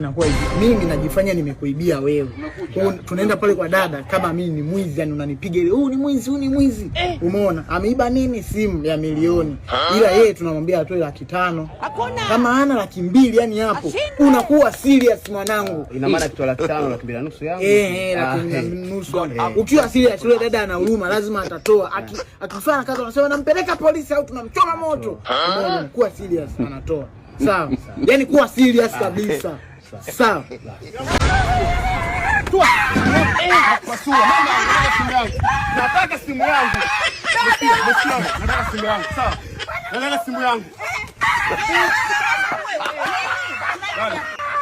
Inakuwa hivi, mimi najifanya nimekuibia wewe. tunaenda pale kwa dada kama mimi ni mwizi, yani unanipiga ile, "Oh, ni mwizi, ni mwizi." eh. Umeona? Ameiba nini? Simu ya milioni. ha? Ila yeye tunamwambia atoe laki tano. Kama hana laki mbili yani hapo. Unakuwa serious mwanangu. Oh, ina maana kitu laki tano laki mbili nusu yangu. Eh, eh, laki mbili ah, eh. nusu. Ukiwa serious yule dada ana huruma, lazima atatoa. Akifanya kazi anasema nampeleka polisi au tunamchoma moto. Unakuwa serious anatoa. Sawa. Yaani kuwa serious ah, eh. kabisa. Sawa. Nataka simu yangu. Nataka simu yangu. Sawa. Nataka simu yangu.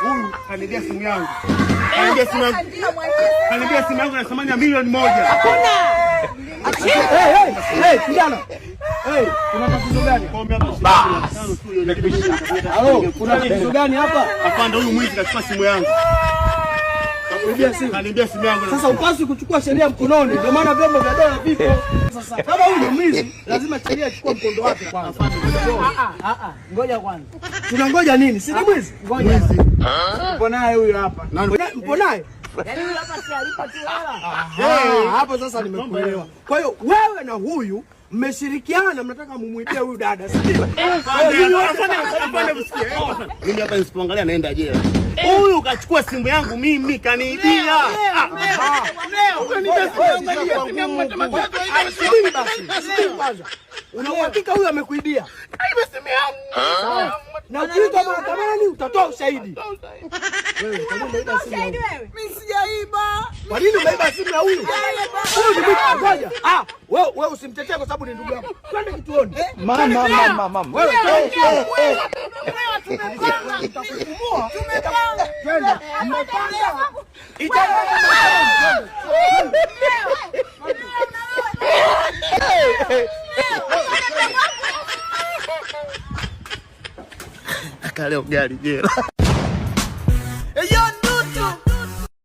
Huyu kanibia simu yangu. Kanibia simu yangu. Kanibia simu yangu na thamani ya milioni moja. Hakuna. Kijana. Kuna tatizo gani? Kuna tatizo gani hapa? Afande, huyu mwizi kachukua simu yangu. Sasa upasi kuchukua sheria mkononi, ndio maana vyombo vya dola vipo. Sasa kama huyu mwizi, lazima sheria ichukue mkondo wake kwanza. Ah, ah, ah, ngoja kwanza, tunangoja nini? Si ni mwizi? Mponaye huyu hapa, mponaye yaani hapo. Sasa nimekuelewa. Kwa hiyo wewe na huyu Mmeshirikiana, mnataka mumwibie huyu dada. Eh, eh, eh. Mimi hapa nisipoangalia naenda jela. Huyu kachukua simu yangu mimi kaniibia. Ah, ah. unauhakika huyu amekuibia? Ah. Na ukiita mahakamani utatoa ushahidi. Kwa nini umeiba simu ya huyu? Huyu ni mtu mmoja. Ah, wewe wewe usimtetee kwa sababu ni ndugu yako. Twende kituoni. Mama mama mama. Wewe wewe eh, eh, eh. Twende. Akaleo gari jela.